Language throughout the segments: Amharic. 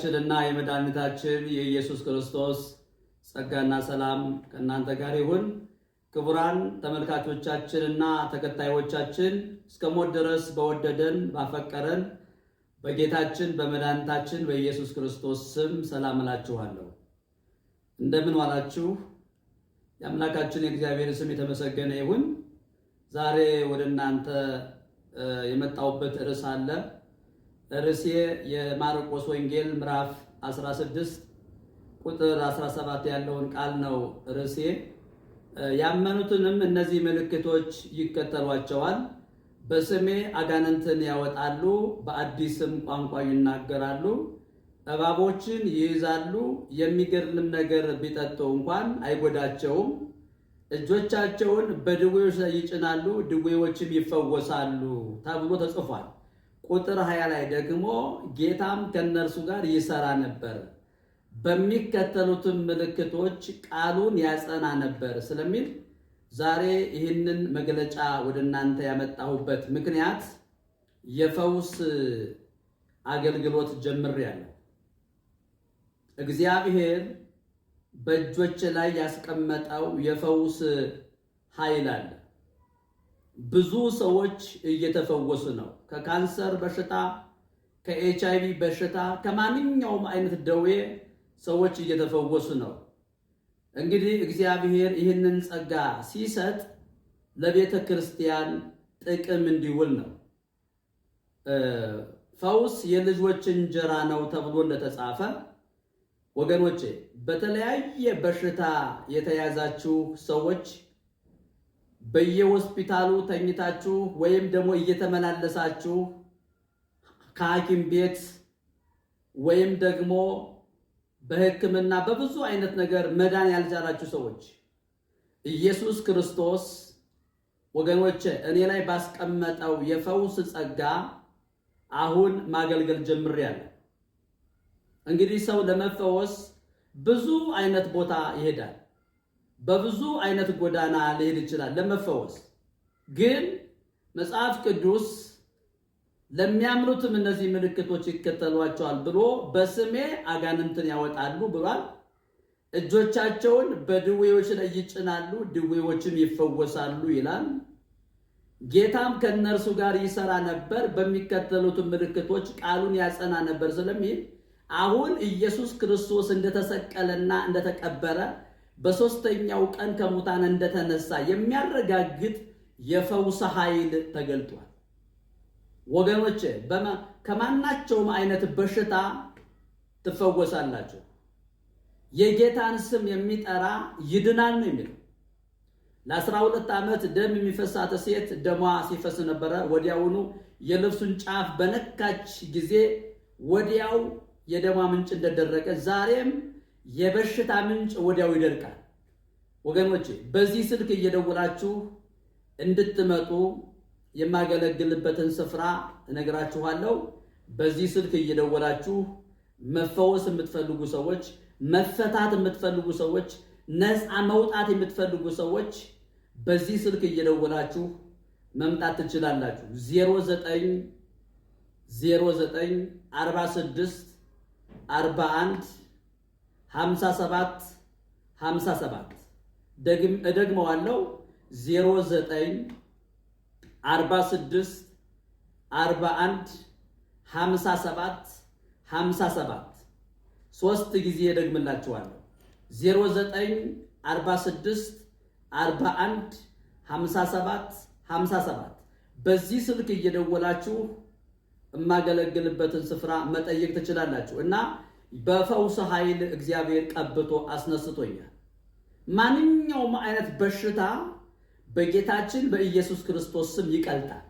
ችንና የመድኃኒታችን የኢየሱስ ክርስቶስ ጸጋና ሰላም ከእናንተ ጋር ይሁን። ክቡራን ተመልካቾቻችንና ተከታዮቻችን እስከ ሞት ድረስ በወደደን ባፈቀረን በጌታችን በመድኃኒታችን በኢየሱስ ክርስቶስ ስም ሰላም እላችኋለሁ። እንደምን ዋላችሁ? የአምላካችን የእግዚአብሔር ስም የተመሰገነ ይሁን። ዛሬ ወደ እናንተ የመጣሁበት ርዕስ አለ ርዕሴ የማርቆስ ወንጌል ምዕራፍ 16 ቁጥር 17 ያለውን ቃል ነው ርዕሴ። ያመኑትንም እነዚህ ምልክቶች ይከተሏቸዋል። በስሜ አጋንንትን ያወጣሉ፣ በአዲስም ቋንቋ ይናገራሉ፣ እባቦችን ይይዛሉ፣ የሚገድልም ነገር ቢጠጡ እንኳን አይጎዳቸውም፣ እጆቻቸውን በድዌዎች ላይ ይጭናሉ፣ ድዌዎችም ይፈወሳሉ ተብሎ ተጽፏል። ቁጥር 20 ላይ ደግሞ ጌታም ከነርሱ ጋር ይሰራ ነበር፣ በሚከተሉትም ምልክቶች ቃሉን ያጸና ነበር ስለሚል ዛሬ ይህንን መግለጫ ወደ እናንተ ያመጣሁበት ምክንያት የፈውስ አገልግሎት ጀምሬያለሁ። እግዚአብሔር በእጆች ላይ ያስቀመጠው የፈውስ ኃይል አለ። ብዙ ሰዎች እየተፈወሱ ነው። ከካንሰር በሽታ፣ ከኤች አይ ቪ በሽታ፣ ከማንኛውም አይነት ደዌ ሰዎች እየተፈወሱ ነው። እንግዲህ እግዚአብሔር ይህንን ጸጋ ሲሰጥ ለቤተ ክርስቲያን ጥቅም እንዲውል ነው። ፈውስ የልጆች እንጀራ ነው ተብሎ እንደተጻፈ ወገኖቼ፣ በተለያየ በሽታ የተያዛችሁ ሰዎች በየሆስፒታሉ ተኝታችሁ ወይም ደግሞ እየተመላለሳችሁ ከሐኪም ቤት ወይም ደግሞ በሕክምና በብዙ አይነት ነገር መዳን ያልቻላችሁ ሰዎች ኢየሱስ ክርስቶስ ወገኖቼ እኔ ላይ ባስቀመጠው የፈውስ ጸጋ አሁን ማገልገል ጀምሬያለሁ። እንግዲህ ሰው ለመፈወስ ብዙ አይነት ቦታ ይሄዳል። በብዙ አይነት ጎዳና ሊሄድ ይችላል ለመፈወስ። ግን መጽሐፍ ቅዱስ ለሚያምኑትም እነዚህ ምልክቶች ይከተሏቸዋል ብሎ በስሜ አጋንንትን ያወጣሉ ብሏል። እጆቻቸውን በድዌዎች ላይ ይጭናሉ፣ ድዌዎችም ይፈወሳሉ ይላል። ጌታም ከእነርሱ ጋር ይሰራ ነበር፣ በሚከተሉትም ምልክቶች ቃሉን ያጸና ነበር ስለሚል አሁን ኢየሱስ ክርስቶስ እንደተሰቀለና እንደተቀበረ በሦስተኛው ቀን ከሙታን እንደተነሳ የሚያረጋግጥ የፈውስ ኃይል ተገልጧል። ወገኖች ከማናቸውም አይነት በሽታ ትፈወሳላችሁ። የጌታን ስም የሚጠራ ይድናል ነው የሚለው። ለአስራ ሁለት ዓመት ደም የሚፈሳት ሴት ደሟ ሲፈስ ነበረ። ወዲያውኑ የልብሱን ጫፍ በነካች ጊዜ ወዲያው የደሟ ምንጭ እንደደረቀ ዛሬም የበሽታ ምንጭ ወዲያው ይደርቃል። ወገኖቼ በዚህ ስልክ እየደወላችሁ እንድትመጡ የማገለግልበትን ስፍራ እነግራችኋለሁ። በዚህ ስልክ እየደወላችሁ መፈወስ የምትፈልጉ ሰዎች፣ መፈታት የምትፈልጉ ሰዎች፣ ነፃ መውጣት የምትፈልጉ ሰዎች በዚህ ስልክ እየደወላችሁ መምጣት ትችላላችሁ። 09 09 46 41 57 57 ደግም እደግመዋለሁ 09 46 41 57 57 ሶስት ጊዜ ደግምላችኋለሁ 09 46 41 57 57 በዚህ ስልክ እየደወላችሁ የማገለግልበትን ስፍራ መጠየቅ ትችላላችሁ እና በፈውስ ኃይል እግዚአብሔር ቀብቶ አስነስቶኛል። ማንኛውም አይነት በሽታ በጌታችን በኢየሱስ ክርስቶስ ስም ይቀልጣል።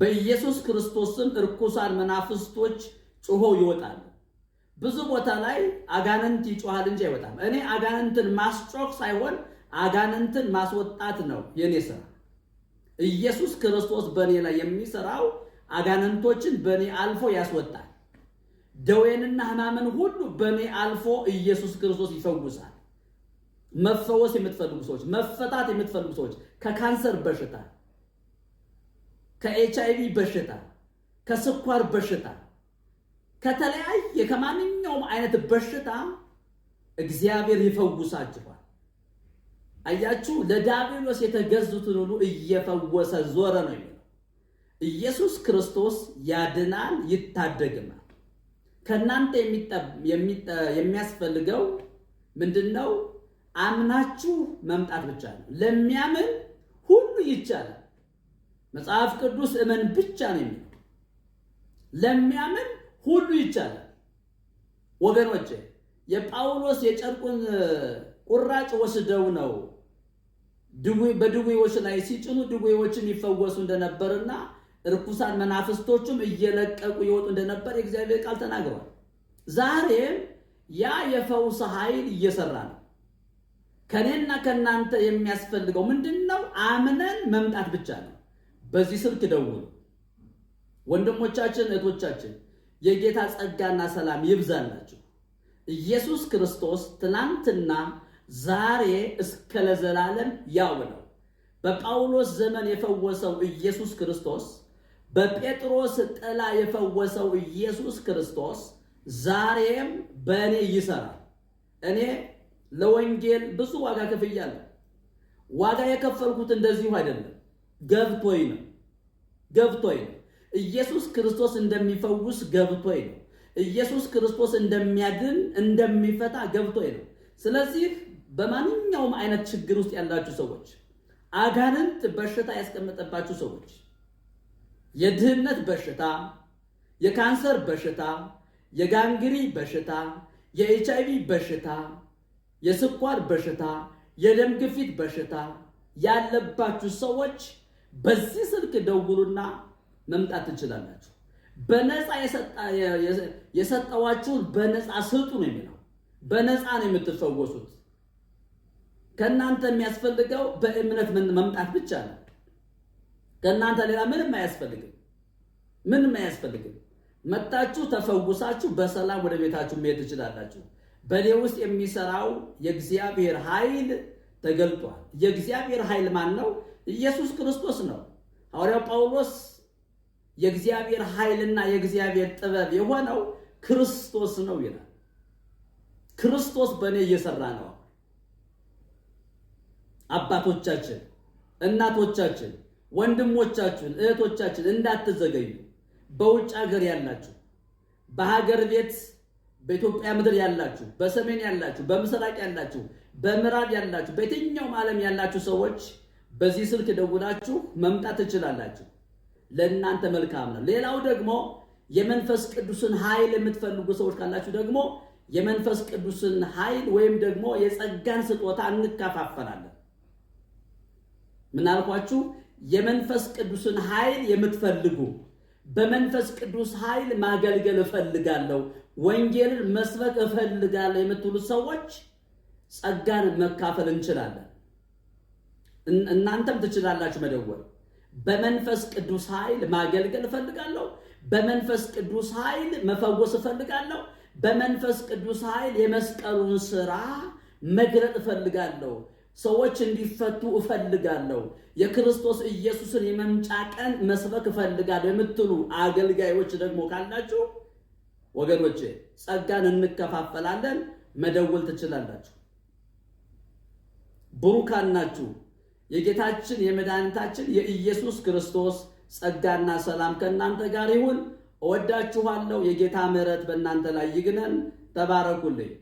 በኢየሱስ ክርስቶስ ስም እርኩሳን መናፍስቶች ጮሆ ይወጣሉ። ብዙ ቦታ ላይ አጋንንት ይጮሃል እንጂ አይወጣም። እኔ አጋንንትን ማስጮክ ሳይሆን አጋንንትን ማስወጣት ነው የኔ ስራ። ኢየሱስ ክርስቶስ በእኔ ላይ የሚሰራው አጋንንቶችን በእኔ አልፎ ያስወጣል። ደዌንና ህማምን ሁሉ በእኔ አልፎ ኢየሱስ ክርስቶስ ይፈውሳል። መፈወስ የምትፈልጉ ሰዎች፣ መፈታት የምትፈልጉ ሰዎች ከካንሰር በሽታ፣ ከኤች አይቪ በሽታ፣ ከስኳር በሽታ፣ ከተለያየ ከማንኛውም አይነት በሽታ እግዚአብሔር ይፈውሳችኋል። አያችሁ፣ ለዳብሎስ የተገዙትን ሁሉ እየፈወሰ ዞረ ነው የሚለው። ኢየሱስ ክርስቶስ ያድናል፣ ይታደግማል። ከእናንተ የሚያስፈልገው ምንድን ነው? አምናችሁ መምጣት ብቻ ነው። ለሚያምን ሁሉ ይቻላል። መጽሐፍ ቅዱስ እመን ብቻ ነው የሚለው። ለሚያምን ሁሉ ይቻላል። ወገኖች የጳውሎስ የጨርቁን ቁራጭ ወስደው ነው በድዌዎች ላይ ሲጭኑ ድዌዎችን ይፈወሱ እንደነበርና ርኩሳን መናፍስቶቹም እየለቀቁ ይወጡ እንደነበር የእግዚአብሔር ቃል ተናግሯል። ዛሬም ያ የፈውስ ኃይል እየሰራ ነው። ከእኔና ከእናንተ የሚያስፈልገው ምንድን ነው? አምነን መምጣት ብቻ ነው። በዚህ ስልክ ደውሉ። ወንድሞቻችን እህቶቻችን፣ የጌታ ጸጋና ሰላም ይብዛላችሁ። ኢየሱስ ክርስቶስ ትናንትና ዛሬ እስከ ለዘላለም ያው ነው። በጳውሎስ ዘመን የፈወሰው ኢየሱስ ክርስቶስ በጴጥሮስ ጥላ የፈወሰው ኢየሱስ ክርስቶስ ዛሬም በእኔ ይሰራል። እኔ ለወንጌል ብዙ ዋጋ ከፍያለሁ። ዋጋ የከፈልኩት እንደዚሁ አይደለም፣ ገብቶኝ ነው። ገብቶኝ ነው። ኢየሱስ ክርስቶስ እንደሚፈውስ ገብቶኝ ነው። ኢየሱስ ክርስቶስ እንደሚያድን እንደሚፈታ ገብቶኝ ነው። ስለዚህ በማንኛውም አይነት ችግር ውስጥ ያላችሁ ሰዎች፣ አጋንንት በሽታ ያስቀመጠባችሁ ሰዎች የድህነት በሽታ፣ የካንሰር በሽታ፣ የጋንግሪ በሽታ፣ የኤች አይቪ በሽታ፣ የስኳር በሽታ፣ የደም ግፊት በሽታ ያለባችሁ ሰዎች በዚህ ስልክ ደውሉና መምጣት ትችላላችሁ። በነፃ የሰጠዋችሁን በነፃ ስጡ ነው የሚለው። በነፃ ነው የምትፈወሱት። ከእናንተ የሚያስፈልገው በእምነት መምጣት ብቻ ነው። ከእናንተ ሌላ ምንም አያስፈልግም፣ ምንም አያስፈልግም። መጣችሁ ተፈውሳችሁ በሰላም ወደ ቤታችሁ መሄድ ትችላላችሁ። በእኔ ውስጥ የሚሰራው የእግዚአብሔር ኃይል ተገልጧል። የእግዚአብሔር ኃይል ማን ነው? ኢየሱስ ክርስቶስ ነው። ሐዋርያው ጳውሎስ የእግዚአብሔር ኃይልና የእግዚአብሔር ጥበብ የሆነው ክርስቶስ ነው ይላል። ክርስቶስ በእኔ እየሰራ ነው። አባቶቻችን፣ እናቶቻችን ወንድሞቻችሁን እህቶቻችን እንዳትዘገዩ። በውጭ ሀገር ያላችሁ፣ በሀገር ቤት በኢትዮጵያ ምድር ያላችሁ፣ በሰሜን ያላችሁ፣ በምስራቅ ያላችሁ፣ በምዕራብ ያላችሁ፣ በየትኛውም ዓለም ያላችሁ ሰዎች በዚህ ስልክ ደውላችሁ መምጣት ትችላላችሁ። ለእናንተ መልካም ነው። ሌላው ደግሞ የመንፈስ ቅዱስን ኃይል የምትፈልጉ ሰዎች ካላችሁ ደግሞ የመንፈስ ቅዱስን ኃይል ወይም ደግሞ የጸጋን ስጦታ እንካፋፈላለን። ምናልኳችሁ የመንፈስ ቅዱስን ኃይል የምትፈልጉ በመንፈስ ቅዱስ ኃይል ማገልገል እፈልጋለሁ፣ ወንጌልን መስበክ እፈልጋለሁ የምትሉ ሰዎች ጸጋን መካፈል እንችላለን። እናንተም ትችላላችሁ መደወል። በመንፈስ ቅዱስ ኃይል ማገልገል እፈልጋለሁ፣ በመንፈስ ቅዱስ ኃይል መፈወስ እፈልጋለሁ፣ በመንፈስ ቅዱስ ኃይል የመስቀሉን ስራ መግለጥ እፈልጋለሁ ሰዎች እንዲፈቱ እፈልጋለሁ፣ የክርስቶስ ኢየሱስን የመምጫ ቀን መስበክ እፈልጋለሁ የምትሉ አገልጋዮች ደግሞ ካላችሁ ወገኖቼ ጸጋን እንከፋፈላለን፣ መደወል ትችላላችሁ። ብሩካን ናችሁ። የጌታችን የመድኃኒታችን የኢየሱስ ክርስቶስ ጸጋና ሰላም ከእናንተ ጋር ይሁን። እወዳችኋለሁ። የጌታ ምሕረት በእናንተ ላይ ይግነን። ተባረኩልኝ።